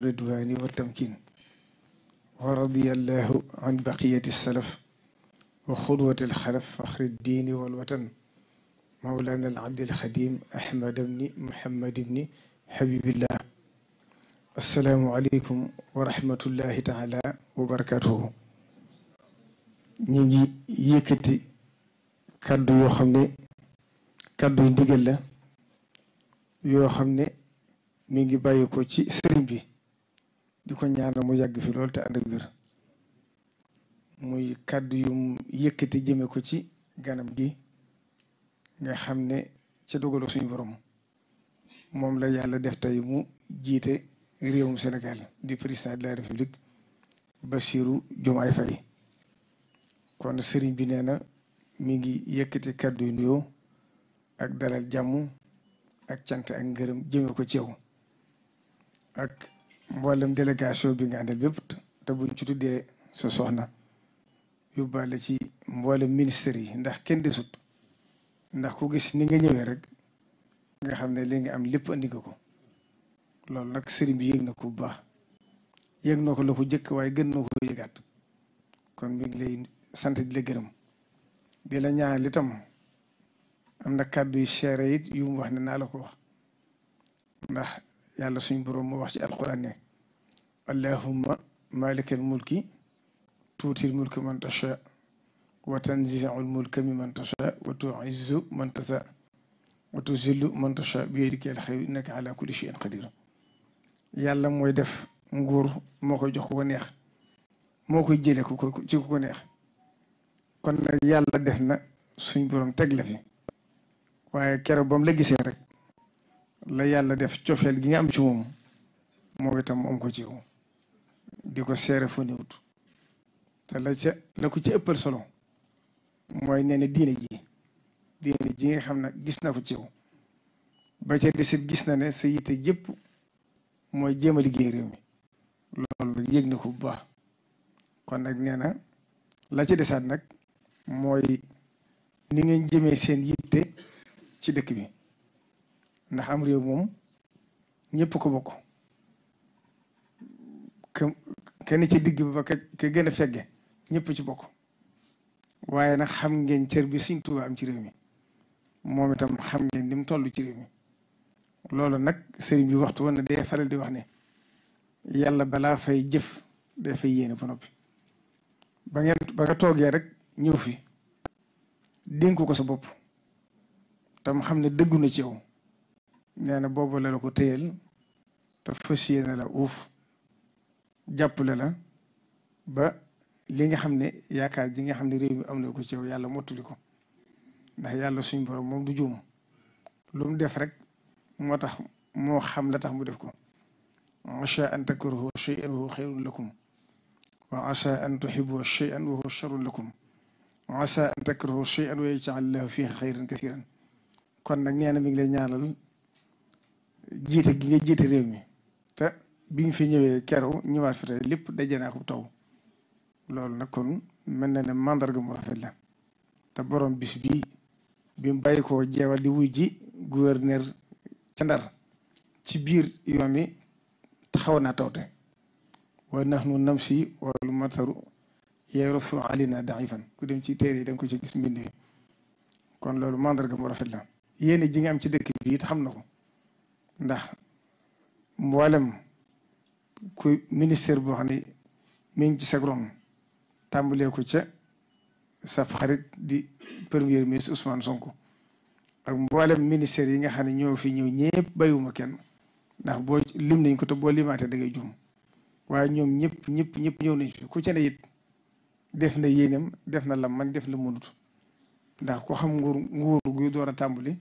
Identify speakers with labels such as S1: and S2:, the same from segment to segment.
S1: ridwaani wa tamkin wa radiyallahu an baqiyati salaf wa xudwati alxalaf faxri ddiini walwatan mawlana alabdi alxadim ahmad bni muhammad bni habibillah assalaamu aleykum wa taala wa barakatuhu ñu ngi yëkkati kàddu yoo xam ne kàddu yu ndigal ngi bàyyi ci sëriñ bi di ko ñaanal mu yàgg fi lool te ànd ak muy kàddu yu yëkkati jëme ko ci ganam gi nga xam ne ca dogalu suñu borom moom la yàlla def tey mu jiite réewum Sénégal di président de la république Bassirou Diomaye Faye kon sëriñ bi nee na mi ngi yëkkati kàddu yu ndiw ak dalal jàmm ak cant ak ngërëm jëme ko ci yow mboolem délégation bi nga am àndal bépp te buñ ci tuddee sa soxna yóbbaale ci mboolem ministère yi ndax kenn desut ndax ku gis ni nga ñëwee rek nga xam ne li nga am lépp andi nga ko loolu nag sëriñ bi yëg na ko bu baax yëg na ko la ko jëkk waaye gën noo ko yëgaat kon mi ngi lay sant di la gërëm di la ñaanal itam am na kàddu yu seere it yu mu wax ne naa la ko wax ndax yàlla suñ boroom moo wax ci alquran ne allahumma malikal mulki tuutil mulka man tasha wa tanziul mulka mimman tasha wa tuizzu man tasha wa tuzillu man tasha bi yadika al xayr innaka ala kulli shay'in qadir yàlla mooy def nguur moo koy jox ku ko neex moo koy jëlee ku ko ci ku ko neex kon nag yàlla def na suñ boroom teg la fi waaye keroog bam la gisee rek la yàlla def cofeel gi nga am ci moom moo itam am ko ci di ko seere fa néewut te la ca la ko ci ëppal solo mooy nee na diine ji diine ji nga xam na gis na ko ci yow ba ca desit gis na ne sa yitte jëpp mooy jéem a liggéey réew mi loolu yëg na ko bu baax kon nag nee na la ca desaat nag mooy ni ngeen jëmee seen yitte ci dëkk bi ndax am réew moom ñëpp ko bokk kenn ci digg ba ke gën a fegge ñëpp ci bokk waaye nag xam ngeen cër bi Sëriñ Tuubaa am ci réew mi moom itam xam ngeen ni mu toll ci réew mi loolu nag sëriñ bi waxtu woon na day faral di wax ne yàlla balaa fay jëf day fay yéene ba ba ngeen ba nga toogee rek ñëw fi dénku ko sa bopp tam xam ne dëggu na ci yow nee na boobu la la ko téyel te fas yéene la uuf jàppale la ba li nga xam ne yaakaar ji nga xam ne réew mi am na ko ci yow yàlla mottuli ko ndax yàlla suñ borom moom du juum lu mu def rek moo tax moo xam la tax mu def ko acha an takrahu shay'an wa huwa khayrun lakum wa acha an tuhibbu shay'an wa huwa sharrun lakum wa acha an takrahu shay'an wa yaj'al lahu fihi khayran kathiran kon nag nee na mi ngi lay ñaanal jiite gi nga jiite réew mi te bi fi ñëwee keroog ñëwaat fi tey lépp daje naa ko taw loolu nag kon mel na ne mandarga mu rafet la te borom bis bii bi mu bàyyi koo jeewal di wuy ji gouverneur ca Ndar ci biir yoon wi taxaw naa tawte wa nahnu namsi wal mataru yarasu alina daifan ku dem ci téere yi da ko ci gis mbind wi kon loolu mandarga mu rafet la yéene ji nga am ci dëkk bi it xam na ko ndax mboolem kuy ministère boo xam ne mi ngi ci sa ron tàmbalee ko ca sa xarit di premier ministre Ousmane Sonko ak mboolem ministère yi nga xam ne ñëw fi ñëw ñëpp bàyyiwuma kenn ndax boo lim nañ ko te boo limaatee da ngay juum waaye ñoom ñëpp ñëpp ñëpp ñëw nañ fi ku ca ne it def na yéenam def na la man def la mënut ndax ko xam nguur nguur guy door a tàmbali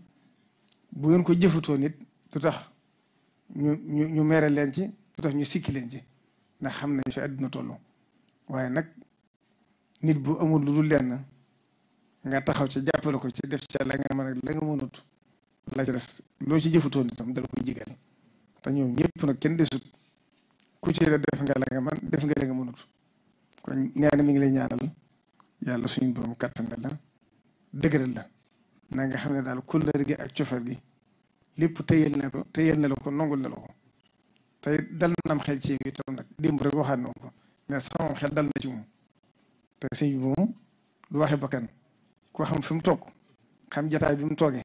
S1: bu ngeen ko jëfatoon it lu tax ñu ñu ñu mere leen ci lu tax ñu sikki leen ci ndax xam nañ fi àdduna toll waaye nag nit bu amul lu lu dul lenn nga taxaw ci jàppale ko ci def ci la nga mën ak la ci des loo ci jëfutoon itam dala koy jigal te ñoom ñëpp nag kenn desut ku ci la def nga la man def nga la nga ko kon nee na mi ngi lay ñaanal yàlla suñu borom kàttan la dëgëral la na nga xam ne daal kóllëre ak cofar gi lépp téyel na ko téyel na la ko nongul na la ko tey dal nam xel ci itam nag démb rek waxaan na ko mais sama xel dal na ci moom te sëñ bi moom du koo xam fi mu toog xam jataay bi mu toogee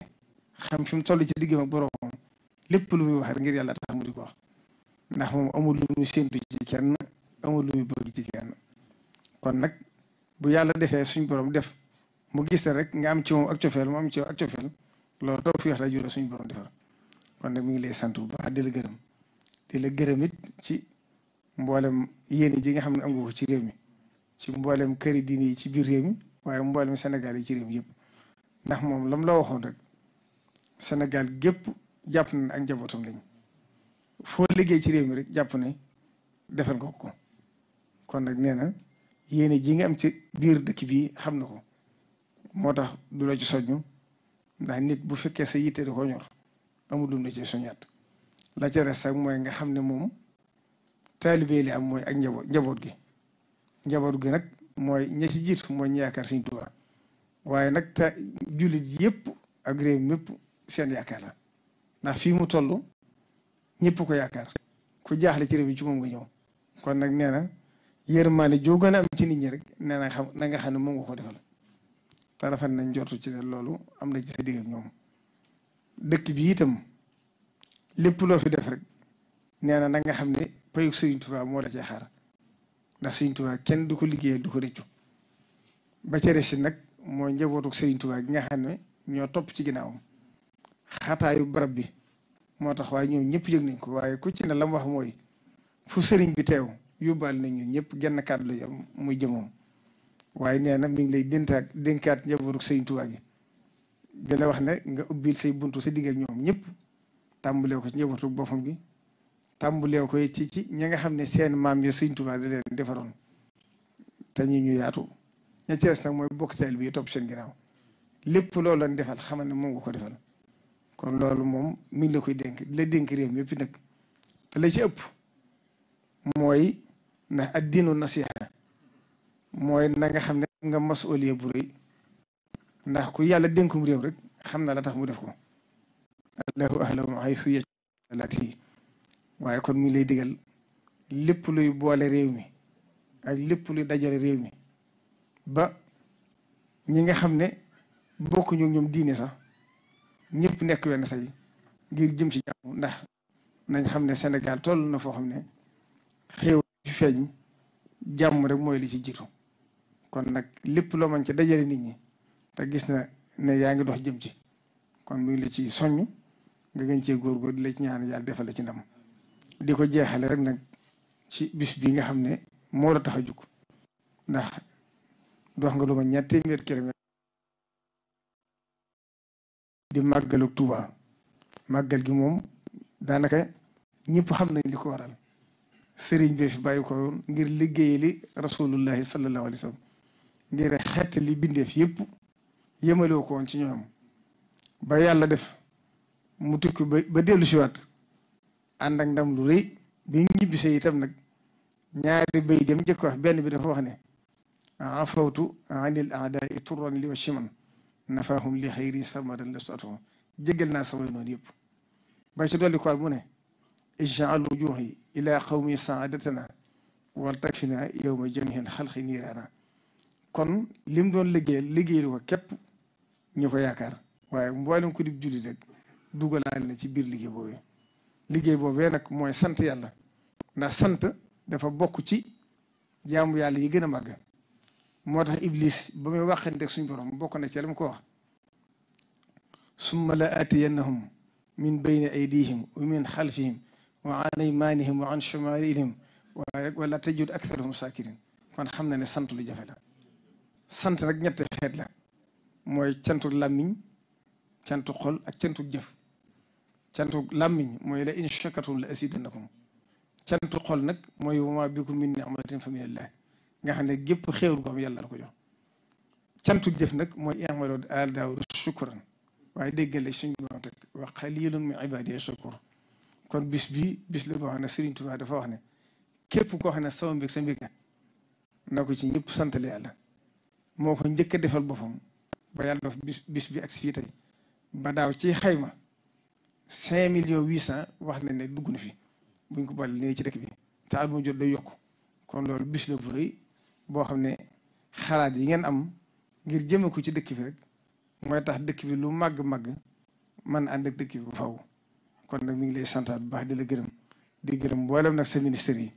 S1: xam fi mu toll ci diggam ak lépp lu muy wax rek ngir yàlla tax mu di ko wax ndax moom amul lu muy séntu ci amul lu muy bëgg ci kon nag bu yàlla defee suñ borom def mu gis rek nga am ci moom ak cofeel mu am ci ak cofeel loolu taw fiix la jure suñ borom defar kon nag mi ngi lay sant baax di gërëm di la gërëm ci mboolem yéen ji nga xam ne am ci réew mi ci mboolem këri diine ci biir réew mi waaye mboolem Sénégal yi ci réew yëpp ndax moom lam la waxoon rek Sénégal gépp jàpp na ak njabootam lañ foo liggéey ci réew mi rek jàpp ne defal nga ko kon nag nee na yéene ji nga am ci biir dëkk bi xam na ko moo tax du la ci soññu ndax nit bu fekkee sa yitte da koo ñor amul lu mu ci soñaat la ca res ak mooy nga xam ne moom taalibe li am mooy ak njaboot njaboot gi njaboot gi nag mooy ña ci jiitu mooy ñu yaakaar Sëriñ Tuubaa waaye nag te jullit yëpp ak mépp seen yaakaar la ndax fii mu toll ñëpp ko yaakaar ku jaaxle ci réew ci moom nga ñëw kon nag nee na yërmaane joo gën a am ci nit ñi rek nee na xam na nga xam ne moom nga ko defal te rafet nañ jortu ci ne loolu am na ci sa digg ñoom dëkk bi itam lépp loo fi def rek nee na na nga xam ne payug Sëriñ Tuubaa moo la cee xaar ndax Sëriñ Tuubaa kenn du ko liggéey du ko rëccu ba ca resi nag moo njabootuk Sëriñ Tuubaa gi nga xam ne ñoo topp ci ginnaawam xataayu barab bi moo tax waaye ñoom ñëpp yëg nañ ko waaye ku ci ne la mu wax mooy fu sëriñ bi teew yóbbaal nañ ñu ñëpp genn kàddu am muy jëmoom waaye nee na mi ngi lay déntaat dénkaat njabootuk Sëriñ Tuubaa gi gën a wax ne nga ubbil say buntu sa digg ak ñoom ñëpp tàmbulee ko ci njabootu boppam gi tàmbulee ko ci ci ñi nga xam ne seen maam ya Sëñ Tuubaa leen defaroon te ñu ñu yaatu ña ci nag mooy bokk taal bi seen ginnaaw lépp loolu lañ defal xamal ne moom nga ko defal kon loolu moom mi ngi la koy dénk dénk réew mi yëpp nag te la ci ëpp mooy ndax ad diinu nasiha mooy na nga xam ne nga masuliya bu rëy ndax ku yàlla dénkum réew rek xam na la tax mu def ko allahu ahlam haythu yaj'al waaye kon mu lay digal lépp luy boole réew mi ak lépp luy dajale réew mi ba ñi nga xam ne bokk ñu ñoom diine sax ñëpp nekk wenn say ngir jëm ci jàmm ndax nañ xam ne Sénégal toll na foo xam ne xéew ci feeñ jàmm rek mooy li ci jiitu kon nag lépp loo mën ci dajale nit ñi te gis na ne yaa ngi dox jëm ci kon mi ngi ci soññ nga gën cee góorgóor di la ñaan yàlla defal la ci ndam di ko jeexale rek nag ci bis bi nga xam ne moo la tax a jug ndax dox nga lu ma ñaar téeméer di màggalu Tuuba màggal gi moom daanaka ñëpp xam ne li ko waral sëriñ bi fi bàyyi ko woon ngir liggéeyali rasulullahi sallallahu alayhi wa sallam ngir xett li bindeef yëpp yëmalewu ko woon ñoom ba yàlla def mu tukki ba dellu siwaat ànd ak ndam lu rëy bi ñibbisee itam nag ñaari bay dem njëkk wax benn bi dafa wax ne afawtu anil aadaai turan li wa chiman nafaahum li xayri samadan lastatuhum jéggal naa samay noonu yëpp ba ci dolli quoi mu ne ijaalu wujuhi ila qawmi saadatana wal takfina yowma jamihin xalqi niiraana kon lim doon liggéeyal liggéeyalu ko képp ñu ko yaakaar waaye mboolem ko di jullit rek dugalaale na ci biir liggéey boobu liggéey boobee nag mooy sant yàlla ndax sant dafa bokk ci jaamu yàlla yi gën a màgg moo tax iblis ba muy waxante suñ borom bokk na ci la mu ko wax summa la aatiyannahum min bayni aydihim wa min xalfihim wa an aymanihim wa an chamailihim waaye wala tajud aktharuhum sakirin kon xam na ne sant lu jafe la sant nag ñetti xeet mooy cantu làmmiñ cantu xol ak cantu jëf cantu làmmiñ mooy la in shakartum la azidannakum cantu xol nag mooy wama bikum min ni'matin fa minallah nga xam ne gépp xew ko am yàlla la ko jox cantu jëf nag mooy i'malu aal daawuda shukran waaye déggal la suñ borom teg wa qalilun min ibadiya shakur kon bis bi bis la boo xam ne Sëriñ Tuubaa dafa wax ne képp koo xam ne sama mbég sa mbég na ko ci ñëpp sant la moo ko njëkk defal boppam ba yàlla def bis bis bi ak si fii tey ba daaw ci xayma cinq millions huit cent wax nañ ne dugg na fi buñ ko boole léegi ci dëkk bi te at mu jot day yokku kon loolu bis la bu rëy boo xam ne xalaat yi ngeen am ngir jëme ko ci dëkk bi rek mooy tax dëkk bi lu màgg-màgg man ànd ak dëkk bi bu faw kon nag mi ngi lay santaat bu baax di la gërëm di gërëm mboolem nag sa ministère yi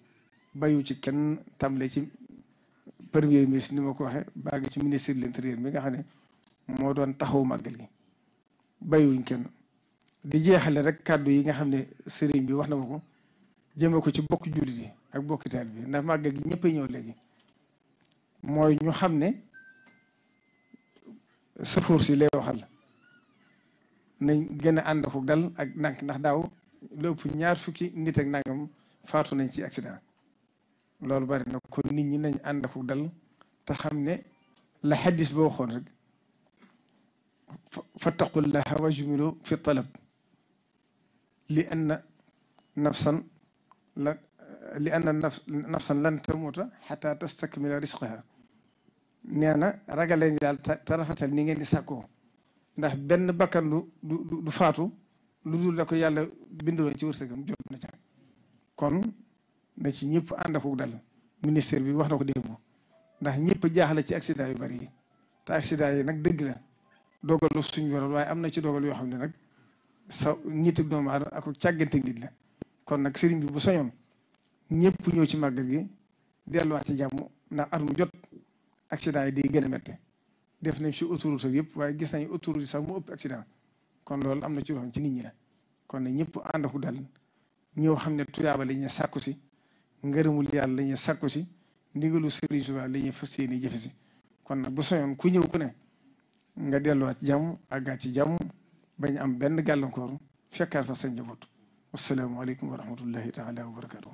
S1: bayu ci kenn tam le ci premier ministre ni ma ko waxee baa ci ministère de l'intérieur mi nga xam ne moo doon taxawu màggal gi bàyyiwuñ kenn di jeexale rek kàddu yi nga xam ne sëriñ bi wax na ma ko jëme ko ci bokk jullit yi ak bokki taal bi ndax màggal gi ñëpp ñëw léegi mooy ñu xam ne sëfoor si lay waxal nañ gën a ànd ko dal ak nank ndax daaw lu ëpp ñaar fukki nit ak nangam faatu nañ ci accident loolu bari na ko nit ñi nañ ànd dal te xam ne la xaddis boo waxoon rek fattaqullaha wajmilu fi talab li anna nafsan la li anna nafsan lan tamuuta xata tastakmila risqaha nee na ragaleen daal te rafetal ni ngeen di sàkkoo ndax benn bakkan du faatu lu dul la ko yàlla bindoo ci wërsëgam jot na ca kon na ci ñëpp ànd ak dal ministère bi wax na ko démb ndax ñëpp jaaxle ci accident yu bari yi te yi nag dëgg dogalu suñ waral waaye am na ci dogal yoo xam ne nag sa nit ak doomu aadama ak càggante nit la kon nag sëriñ bi bu soñoon ñëpp ñëw ci màggal gi delluwaat ci jàmm ndax at jot accident yi di gën def nañ ci autoroute yëpp waaye gis nañ autoroute sax mu ëpp accident kon loolu am na ci loo xam ci nit ñi la kon ne ñëpp ànd ku dal ñëw xam ne tuyaaba la sakku si ngërëmul yàlla la ñuy sàkku si ndigalu sëriñ Tuubaa la ñuy fas yéene jëfe si kon nag bu soñoon ku ñëw ku ne nga delluwaat jam àggaat ci jàmm bañ am benn gàllankoor fekkaat fa sa njaboot wassalaamu aleykum wa rahmatullahi taala wa barakatuh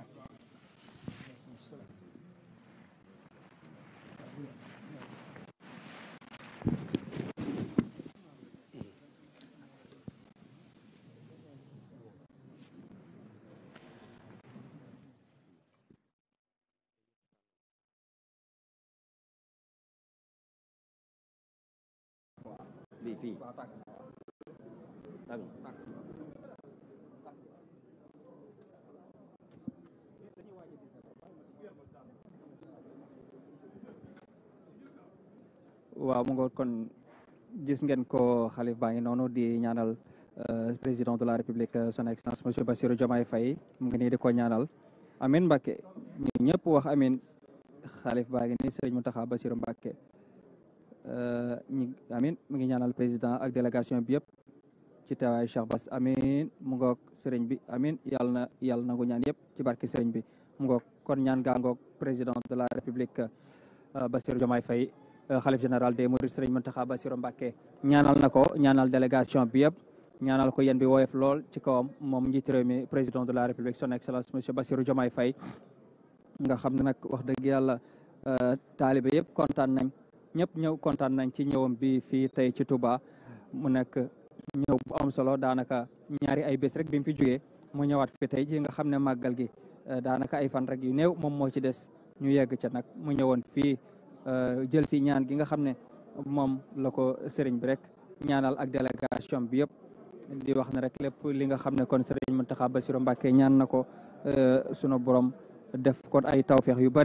S1: lii fii tàng
S2: kon gis ngeen ko xalif baa ngi noonu di ñaanal euh, président de la république euh, son excellence monsieur Bassirou Diomaye Faye mu ngi nii di ko ñaanal amin Mbàkke ñu ñëpp wax amin xalif baa ngi nii sëriñ Mountakha Bassirou Mbàkke Euh, ñi amin mu ngi ñaanal président ak délégation bi yëpp ci teewaay Cheikh Bass amin mu ngoog sëriñ bi amin yàlla na yàlla nangu ñaan yëpp ci barke sëriñ bi mu kon ñaan gaa ngoog président de la république euh, Bassirou Diomaye Faye euh, xalif général des Mourides sëriñ Mountakha Bassirou Mbacké ñaanal na ko ñaanal délégation bi yëpp ñaanal ko yen bi woyof lool ci kawam moom njiit réew mi président de la république son excellence monsieur Bassirou Diomaye Faye nga xam ne wax dëgg yàlla taalibe yëpp kontaan ñëpp ñëw kontaan nañ ci ñëwam bi fii tey ci Touba mu nekk ñëw bu am solo daanaka ñaari ay bés rek bim fi jógee mu ñëwaat fi tey ji nga xam ne màggal gi eh, daanaka ay fan rek yu néew moom moo ci des ñu yegg ca nag mu ñëwoon fii eh, jël si ñaan gi nga xam ne moom la ko sëriñ bi rek ñaanal ak délégation bi yëpp di wax ne rek lépp li nga xam ne kon sëriñ Mountakha Bassirou Mbacké ñaan na ko eh, sunu borom def kon ay tawfeex yu bari